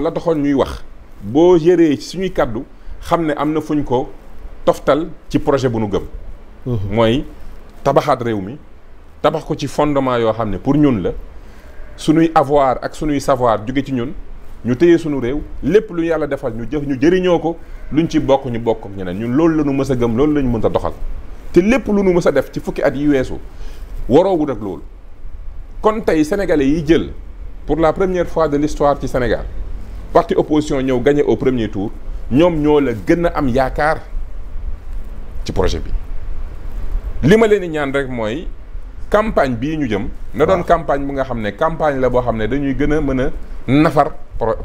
la taxoon ñuy wax boo yëree ci suñuy kàddu xam ne am na fuñ ko toftal ci projet bu nu gëm mhm. mooy tabaxaat réew mi tabax ko ci fondement yoo xam ne pour ñun la suñuy avoir ak suñuy savoir jóge ci ñun ñu téye sunu réew lépp lu yàlla defal ñu jëf ñu jëriñoo ko luñ ci bokk ñu bokk ak ñeneen ñun loolu la ñu a gëm loolu la mën a doxal te lépp lu ñu mës a def ci fukki at yi weesu waroowut ak loolu kon tey sénégalais yi jël pour la première fois de l'histoire ci Sénégal parti opposition ñëw gagné au premier tour ñoom ñoo la gën a am yaakaar ci projet bi li ma leen di ñaan rek mooy campagne bii ñu jëm. na doon campagne bu nga xam ne campagne la boo xam ne dañuy gën a mën a nafar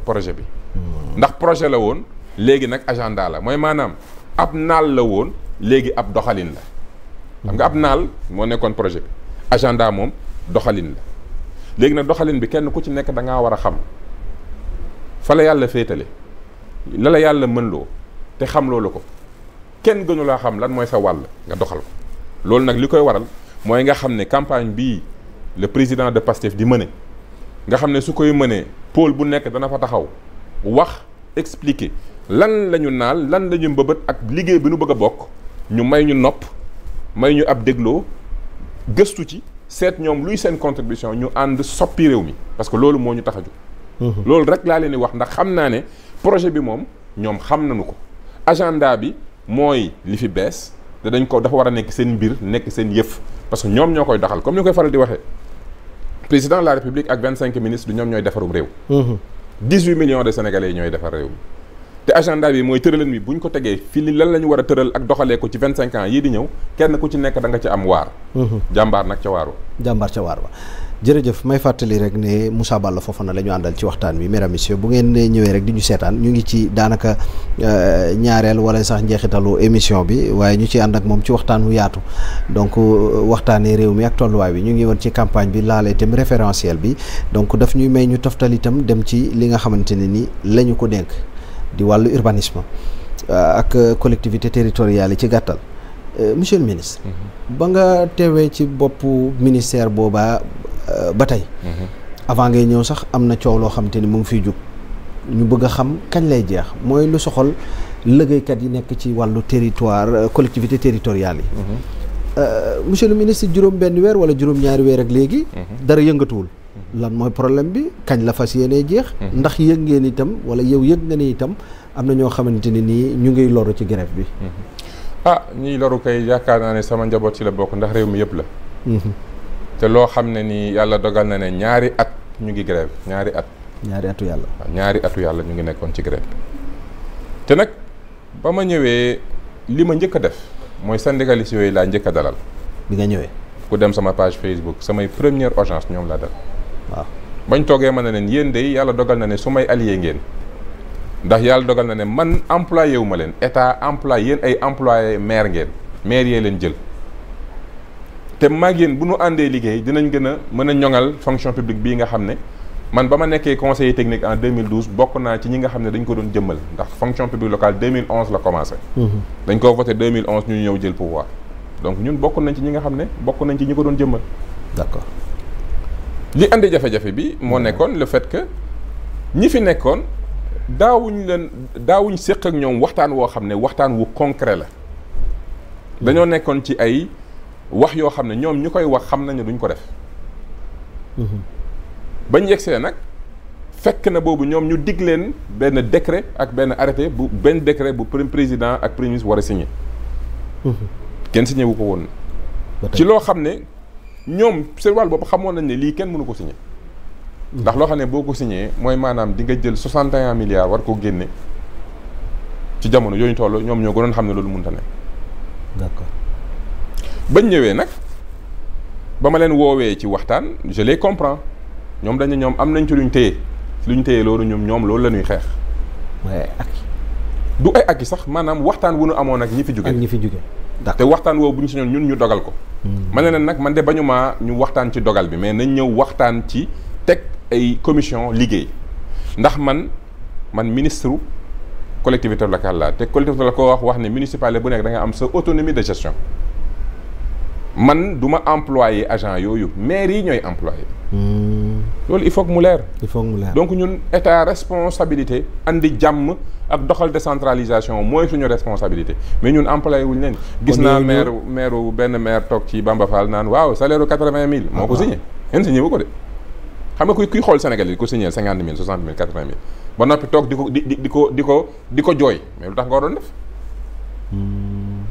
projet bi. Hmm. ndax projet la woon léegi nag agenda la mooy maanaam ab naal la woon léegi ab doxalin la. xam nga ab hmm. naal moo nekkoon projet bi agenda moom doxalin la léegi nag doxalin bi kenn ku ci nekk da ngaa war a xam. fa la yàlla féetale la la yàlla mën loo te xam loolu ko kenn gënu laa xam lan mooy sa wàll nga doxal ko loolu nag li koy waral mooy nga xam ne campagne bii le président de Pastef di mëne nga xam ne su koy mënee pôle bu nekk dana fa taxaw wax expliquer lan la ñu naal lan la ñu mbëbët ak liggéey bi nu bëgg a bokk ñu may ñu nopp may ñu ab dégloo gëstu ci seet ñoom luy seen contribution ñu ànd soppi réew mi parce que loolu moo ñu tax a jóg loolu rek laa leen di wax ndax xam naa ne projet bi moom ñoom xam nañu ko agenda bi mooy li fi bees te dañ ko dafa war a nekk seen mbir nekk seen yëf parce que ñoom ñoo koy doxal comme ni koy faral di waxee président la république ak vingt cinq ministres du ñoom ñooy defarum réew mhm. dix huit millions de sénégalais ñooy defar réew te agenda bi mooy tëraleen bi bu ñu ko tegee fii li lan lañu ñu war a tëral ak doxalee ko ci vingt cinq ans yii di ñëw kenn ku ci nekk da ci am waar mhm. jàmbaar nag ca waar ba jërëjëf may fàttali rek ne Moussa Balla Fofana la ñu àndal ci waxtaan wi mesdames messieurs bu ngeen ñëwee rek di ñu seetaan ñu ngi ci daanaka euh, ñaareel wala sax njeexitalu émission bi waaye ñu ci ànd ak moom ci waxtaan wu yaatu donc euh, waxtaanee réew mi ak tolluwaay bi ñu ngi woon ci campagne bi laale itam référentiel bi donc daf ñuy may ñu toftal itam dem ci li nga xamante ne ni la ñu ko dénk di wàllu urbanisme euh, ak collectivité territoriale yi ci gàttal euh, monsieur le ministre mhm. ba nga teewee ci boppu ministère boobaa euh, ba tey mhm. avant ngay ñëw sax am na coow loo xam te ni mu ngi fiy jug ñu bëgg a xam kañ lay jeex mooy lu soxal liggéeykat yi nekk ci wàllu territoire collectivité territoriale yi mhm. monsieur le ministre juróom benn weer wala juróom ñaari weer ak léegi dara yëngatuwul lan mooy problème bi kañ la fas yéenee jeex. Mm-hmm. ndax yëg ngeen itam wala yow yëg nga ni itam am na ñoo xamante ne nii ñu ngi loru ci grève bi. Mm-hmm. ah ñiy loru kay yaakaar naa ne sama njaboot ci la bokk ndax réew mi yëpp la. Mm-hmm. te loo xam ne nii yàlla dogal na ne ñaari at ñu ngi grève ñaari at. ñaari atu yàlla. ñaari atu yàlla ñu ngi nekkoon ci grève te nag ba ma ñëwee li ma njëkk def mooy syndicaliste yooyu laa njëkk a dalal. bi nga ñëwee. ku dem sama page Facebook samay première urgence ñoom laa dal. waaw bañ toogee ma ne leen yéen de yàlla dogal na ne su may allié ngeen ndax yàlla dogal na ne man employé wu ma leen état emploie yéen ay employé maire ngeen maire yee leen jël te mag yéen bu nu àndee liggéey dinañ gën a mën a ñoŋal fonction publique bii nga xam ne man ba ma nekkee conseiller technique en 2012 bokk naa ci ñi nga xam ne dañ ko doon jëmmal ndax fonction publique locale 2011 la commencé. Mhm. dañ ko voté 2011 ñu ñëw jël pouvoir donc ñun bokk nañ ci ñi nga xam ne bokk nañ ci ñi ko doon jëmmal. d'accord. li andi jafe-jafe bi moo nekkoon le fait que ñi fi nekkoon daawuñ leen daawuñ séq ak ñoom waxtaan woo xam ne waxtaan wu concret la dañoo nekkoon ci ay wax yoo xam ne ñoom ñu koy wax xam nañu duñ ko def mhm. bañ yegsee nag fekk na boobu ñoom ñu dig leen benn décret ak benn arrêté bu benn décret bu président ak premier ministre war a signé mhm. kenn signé wu ko woon ci loo xam ne ñoom seen wàll bopp xamoon nañ ne lii kenn mënu ko signé ndax loo xam ne boo ko signé mooy maanaam di nga jël 61 milliards war ko génne ci jamono yooyu toll ñoom ñoo gënoon xam ne loolu mënta ne. d'accord bañ ñëwee nag ba ma leen woowee ci waxtaan je les ñoom dañ ñoom am nañ ci luñ téye luñ téye loolu ñoom ñoom loolu la ñuy xeex. waaye ak du ay ak yi sax maanaam waxtaan wu nu amoon ak ñi fi jóge ñi fi jóge te waxtaan woowu bu ñu si ñun ñu dogal ko. Hmm. ma ne leen nag man de bañu maa ñu waxtaan ci dogal bi mais nañ ñëw waxtaan ci teg ay commission liggéey ndax man man ministre collectivité locale la te collectivité la ko wax wax ne municipalité bu nekk da am sa autonomie de gestion man duma ma employé agent yooyu maire yi ñooy employé. Hmm. loolu il faut que mu leer. il faut que mu leer donc ñun état responsabilité andi jàmm. ak doxal décentralisation mooy suñu responsabilité mais ñun employé wuñ leen gis naa maire maire wu benn maire toog ci Bamba Fall naan waaw salaire u quatre-vingt mille ah moo ko signé en ko de xam nga kuy kuy xool Sénégal yi ko signé cinquante mille soixante mille quatre-vingt mille ba noppi toog di ko di di ko di ko di ko jooy mais lu tax nga waroon def hmm.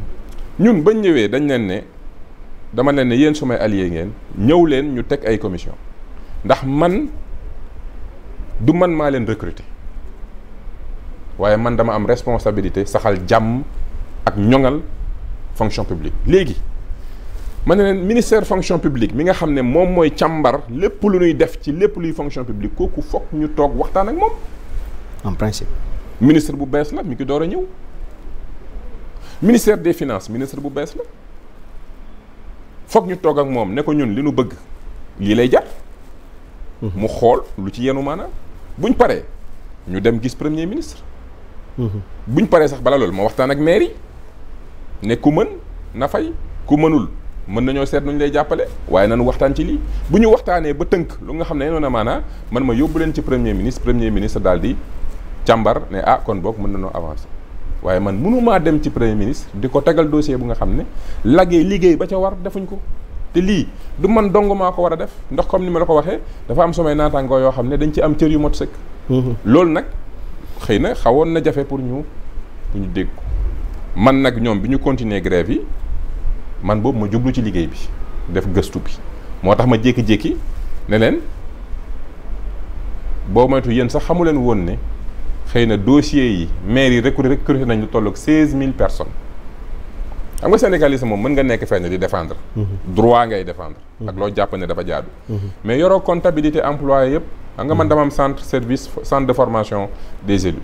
ñun bañ ñëwee dañ leen ne dama leen ne yéen may allié ngeen ñëw leen ñu teg ay commission ndax man du man maa leen recruter waaye man dama am responsabilité saxal jàmm ak ñoŋal fonction publique léegi ma ne leen ministère fonction publique mi nga xam ne moom mooy càmbar lépp lu ñuy def ci lépp luy fonction publique kooku foog ñu toog waxtaan ak moom. en principe. ministre bu bees la mi ngi door a ñëw. ministère des finances ministre bu bees la foog ñu toog ak moom ne ko ñun li nu bëgg lii lay jar. Mhm. mu xool lu ci yenu maanaam buñ paree ñu dem gis premier ministre. bu ñu paree sax bala loolu ma waxtaan ak maire yi ne ku mën na fay ku mënul mën nañoo seet nuñ lay jàppale waaye nañu waxtaan ci lii bu ñu waxtaanee ba tënk lu nga xam ne noonu na maanaa man ma yóbbu leen ci premier ministre premier ministre daal di càmbar ne ah kon boog mën nañoo avancer waaye man mënumaa dem ci premier ministre di ko tegal dossier bu nga xam ne laggee liggéey ba ca war defuñ ko te lii du man dong maa ko war a def ndax comme ni ma la ko waxee dafa am samay naataangoo yoo xam ne dañ ci am cër yu mot sëkk mm-hmm. loolu nag xëy na xawoon na jafe pour ñu pour ñu dégg ko man nag ñoom bi ñu continuer grève yi man boobu ma jublu ci liggéey bi def gëstu bi moo tax ma jékki-jékki ne leen boo moytu yéen sax xamu leen woon ne xëy na dossiers yi maire yi recruté recruté nañ lu tolloog seize mille personnes xam nga syndicalisme moom mën nga nekk fenn di défendre mhm. droit ngay défendre mhm. ak loo jàpp ne dafa jaadu mhm. mais yoroo comptabilité employé yëpp xam nga man dama centre service centre de formation des élus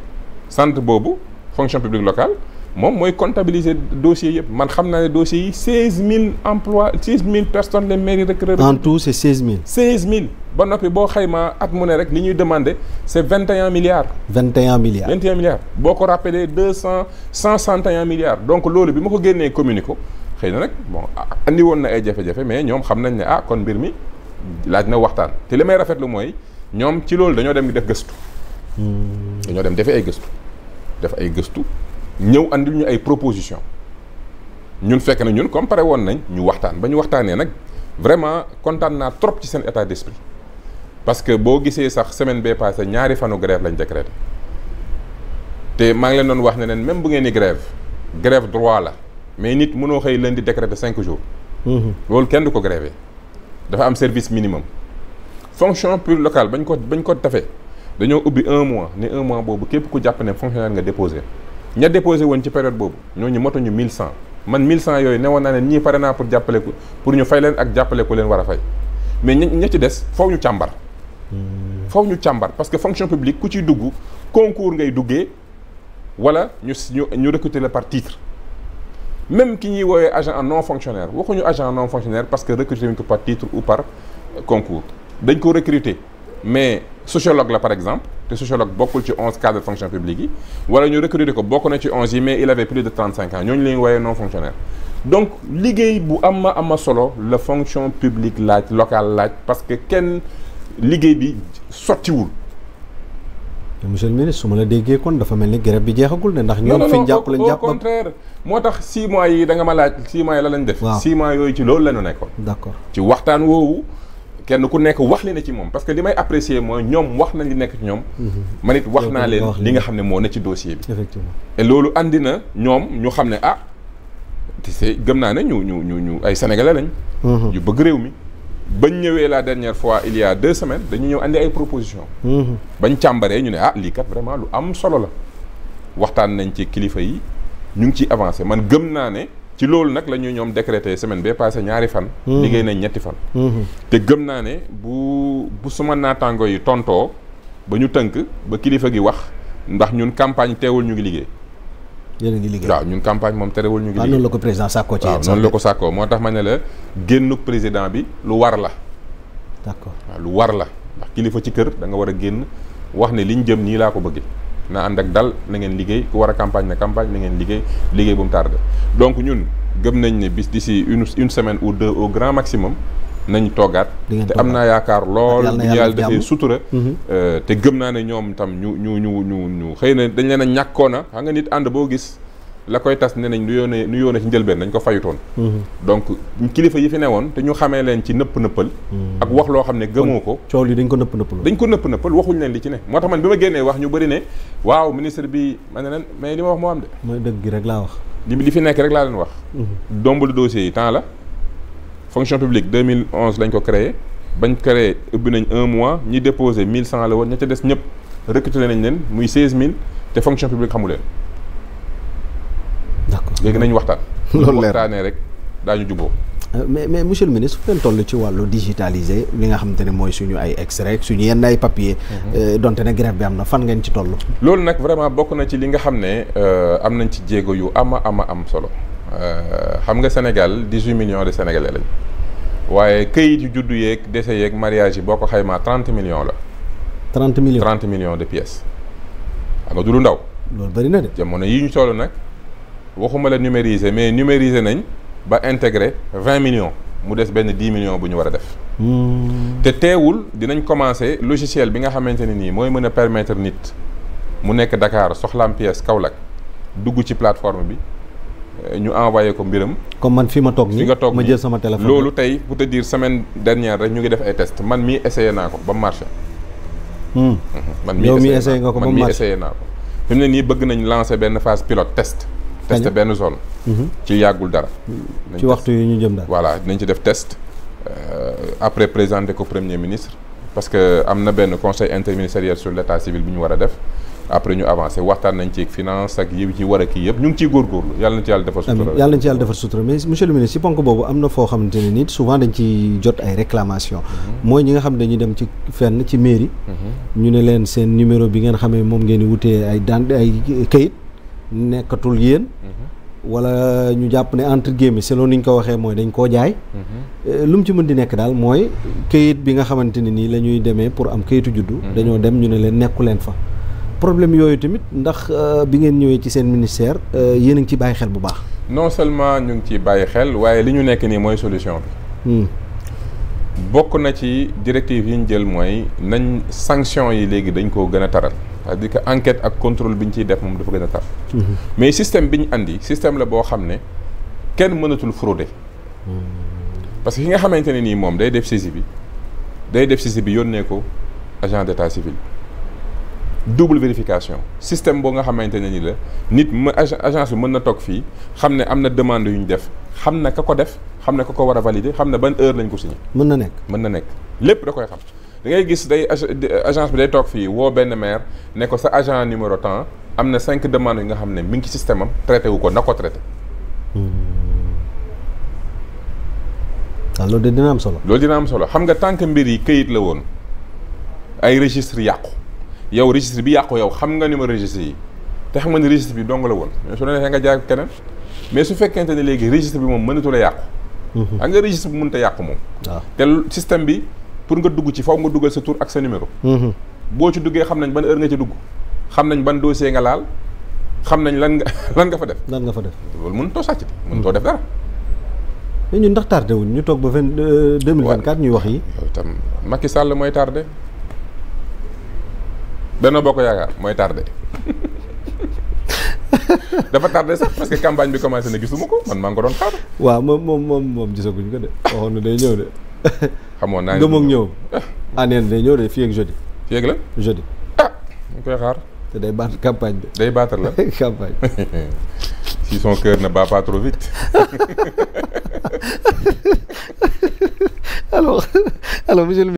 centre boobu fonction publique locale moom mooy comptabiliser dossiers yëpp man xam naa ne dossiers yi seize mille emplois seize mille personnes les mairies recruter. en tout c'est seize mille. seize mille ba noppi boo xaymaa at mu ne rek li ñuy demander c'est vingt et un milliards. vingt et un milliards vingt et un milliards. boo ko rappelé deux cent cent soixante et un donc loolu bi ma ko génnee communiqué ko xëy na nag bon andi woon na ay jafe-jafe mais ñoom xam nañ ne ah kon mbir mi laaj na waxtaan te li may rafetlu mooy. ñoom ci loolu dañoo dem def gëstu. Hmm. dañoo dem defi ay gëstu. def ay gëstu ñëw andil ñu ay proposition ñun fekk na ñun comme pare woon nañ ñu waxtaan ba ñu waxtaanee nag vraiment kontaan naa trop ci seen état d'esprit parce que boo gisee sax semaine bee passé ñaari fanu grève lañ décrété te maa ngi leen doon wax ne leen même bu ngeen di grève grève droit la mais nit mënoo xëy leen di décréter cinq jours. Hmm. loolu kenn du ko grévé dafa am service minimum. fonction pure local bañ ko bañ ko tafee dañoo ubbi un mois ne un mois boobu képp ku jàpp ne fonctionnaire nga déposé ña déposé woon ci période boobu ñoo ñooñu motuñu 1100 man 1100 yooyu newoon naa ne ñii pare naa pour jàppale ko pour ñu fay leen ak jàppale ko leen war a fay mais ña ci des faw ñu càmbar. faw ñu càmbar parce que fonction publique ku ciy dugg concours ngay duggee wala ñu ñu ñu recruter la par titre. même ki ñuy wooyee agent non fonctionnaire waxuñu agent non fonctionnaire parce que ko par titre ou par concours. dañ ko recruter mais sociologue la par exemple te sociologue bokkul ci onze cadres de fonction publique yi wala ñu recruter ko bokk na ci onze yi mais il avait plus de trente non fonctionnaire donc liggéey bu am ama solo la fonction publique laaj locale laaj parce que kenn liggéey bi sottiwul. monsieur le ministre su ma la déggee kon dafa mel ni grève bi jeexagul ne ndax ñoom fi ñu jàpp lañ jàpp au contraire moo tax six mois yi da nga ma laaj six mois la lañ def six mois yooyu ci loolu la ñu nekkoon d'accord ci waxtaan kenn ku nekk wax li ne ci moom parce que li may apprécier mooy ñoom wax na li nekk ci ñoom. Mm-hmm. man it wax naa leen li nga xam ne moo ne ci dossier bi. effectivement loolu andi na ñoom ñu xam ne ah. te c'est gëm naa ne ñu ñu ñu ñu ay sénégalais lañ. yu mm-hmm. bëgg réew mi. bañ ñëwee la dernière fois il y a deux semaines dañu ñëw andi ay propositions. Mm-hmm. bañ càmbaree ñu ne ah lii kat vraiment lu am solo la. waxtaan nañ ci kilifa yi ñu ngi ciy avancé man gëm naa ne. ci loolu nag la ñu ñoom décrété semaine bee passé ñaari fan. Mhm. liggéey nañ ñetti fan. Mhm. te gëm naa ne bu bu suma naataango yi tontoo ba ñu tënk ba kilifa gi wax ndax ñun campagne teewul ñu ngi liggéey. yéen a ngi liggéey waaw ñun campagne moom terewul ñu ngi. liggéey noonu la ko président sàkkoo ci yéen. noonu la ko sàkkoo moo tax ma ne la génnuk président bi lu war la. d'accord waaw lu war la ndax kilifa ci kër da nga war a génn wax ne liñ jëm nii laa ko bëggee. na ànd ak dal na ngeen liggéey ku war a campagne na campagne na ngeen liggéey liggéey bu mu tardé donc ñun gëm nañ ne bis d'ici une une semaine ou de au grand maximum nañ toogaat te am naa yaakaar lool bu ñu yàlla defee sutura mhm. euh, te gëm naa ne ñoom tam ñu ñu ñu ñu ñu xëy na dañ leen a ñàkkoona xam nga nit ànd boo gis la koy tas ne nañ nu yoone nu yoone ci njëlbeen dañ ko fayutoon mhm. donc kilifa yi fi ne woon te ñu xamee leen ci nëpp nëppal mhm. ak wax loo xam ne gëmoo ko coow li dañ ko nëpp nëppal dañ ko nëpp nëppal waxuñ leen li ci ne moo tax man bi ma génnee wax ñu bëri ne waaw ministre bi ma ne leen mais li ma wax moo am de mooy dëgg gi rek laa wax li fi nekk rek laa leen wax mhm. dombal dossiers yi temps la fonction publique 2011 lañ ko créé bañ créé ubbi nañ un mois ñi déposé 1100 la woon ña ca des ñëpp recruté nañ leen muy 16000 te fonction publique xamu leen d'accord léegi nañu waxtaan. loolu leer waxtaanee rek daañu juboo euh, mais mais monsieur le ministre fu ngeen toll ci wàllu digitalisé li nga xamante ne mooy suñu ay extrait suñu yenn ay papier mhm. euh, donte ne grève bi am na fan ngeen ci toll. loolu nag vraiment bokk na ci li nga xam ne euh, am nañ ci jéego yu ama ama am solo xam nga Sénégal 18 million de sénégalais lañ waaye këyit yu juddu yeeg décès yeeg mariage yi boo ko xaymaa 30 million la. 30 millions 30 millions de pièces. xam nga du lu ndaw. loolu bëri na de jamono ñu toll nag. waxuma la numériser mais numériser nañ ba intégrer vingt millions mu des benn dix millions bu ñu war a def. Hmm. te teewul dinañ commencer logiciel bi nga xamante ne nii mooy mën a permettre nit mu nekk Dakar soxlaam pièce Kaolack dugg ci plateforme bi euh, ñu envoyé ko mbiram. comme man fi ma toog nii ma jël sama téléphone loolu tey pour te semaine dernière rek ñu ngi def ay test man mii essayé naa ko ba marché. Hmm. Mhm. man mii essayé naa ko man naa ko. ne nii bëgg nañ lancer benn phase pilote test. testé benn zone. Mhm. ci yàggul dara. ci waxtu yi ñu jëm daal. voilà nañ ci def test euh, après présenté ko premier ministre. parce que am na benn conseil interministériel sur l' état civil bi ñu war a def après ñu avancé waxtaan nañ ci finance ak yi ñu war a kii yëpp ñu ngi ciy góorgóorlu yàlla yàlla defar ci yàlla defar sutura mais monsieur le ministre si ponk boobu am na foo xamante ne nit souvent dañ ci jot ay réclamations. Mhm. mooy ñi nga xam dañuy dem ci fen ci mairie. Mhm. ñu ne leen seen numéro bi ngeen xamee moom ngeen di wutee ay daan nekkatul yéen wala ñu jàpp ne entre guillemets selon ni ñu ko waxee mooy dañ koo jaay eh, lu mu ci mën di nekk daal mooy këyit bi nga xamante ne nii la ñuy demee pour am kayitu juddu mhm. dañoo dem ñu ne leen nekku leen fa problème yooyu tamit ndax eh, bi ngeen ñëwee ci seen ministère eh, yéen a ngi ciy bàyyi xel bu baax non seulement ñu ngi ci bàyyi xel waaye li ñu nekk nii mooy solution bi hmm. bokk na ci directive yi ñu jël mooy nañ sanction yi léegi dañ koo gën a taral cest di dire que enquête ak contrôle bi ñu ciy def moom dafa gën a tar mhm. mais système bi ñu andi système la boo xam ne kenn mënatul frauder mhm. parce que ki nga xamante ne nii moom day def saisie bi day def saisie bi yónnee ko agent d'état civil double vérification système boo nga xamante ne ni la nit ma agence bi mën na toog fii xam ne am na demande yu ñu def xam na ka ko def xam na ka ko war a valider xam na ban heure lañ ko signé. mën na nekk mën na nekk lépp da koy xam. da ngay gis day agence bi day toog fii woo benn maire ne ko sa agent numéro temps am na cinq demandes yi nga xam ne mi ngi ci système am traité wu ko na ko traité. waaw hmm. ah, loolu de dina am solo. loolu dina am solo xam nga tant que mbir yi këyit la woon ay registre yàqu yow registre bi yàqu yow xam nga numéro registre yi te xam nga ne registre bi dong la woon su la neexee nga jaay keneen mais su fekkente ne léegi registre bi moom mënatu la yàqu. Hmm. xam nga registre bi mënut a yàqu moom. waaw ah. te système bi. pour nga dugg ci faw nga dugal sa tur ak sa numéro. Mhm. boo ci duggee xam nañ ban heure nga ci dugg. xam nañ ban dossier nga laal xam nañ lan nga nga fa def. lan nga fa def loolu mënutoo sàcc. Mhm. mënutoo def dara. mais ñu ndax tardé wuñ ñu toog ba vingt euh, deux mille vingt ñuy wax yi. tam Macky Sall mooy tardé. Benno Bokk Yaakaar mooy tardé. dafa tardé sax parce que campagne bi commencé na gisuma ko man maa ngi ko doon xaar. waaw moom moom moom moom gisaguñ ko de waxoon na day ñëw de. xamoon naa ne nga moom ñëw ah. ah nee day ñëw de fii ak jeudi. fii ak la jeudi. ah ñu koy xaar. te day baat campagne bi. day baatar la campagne. si son cœur ne bat pas trop vite. alors alors monsieur le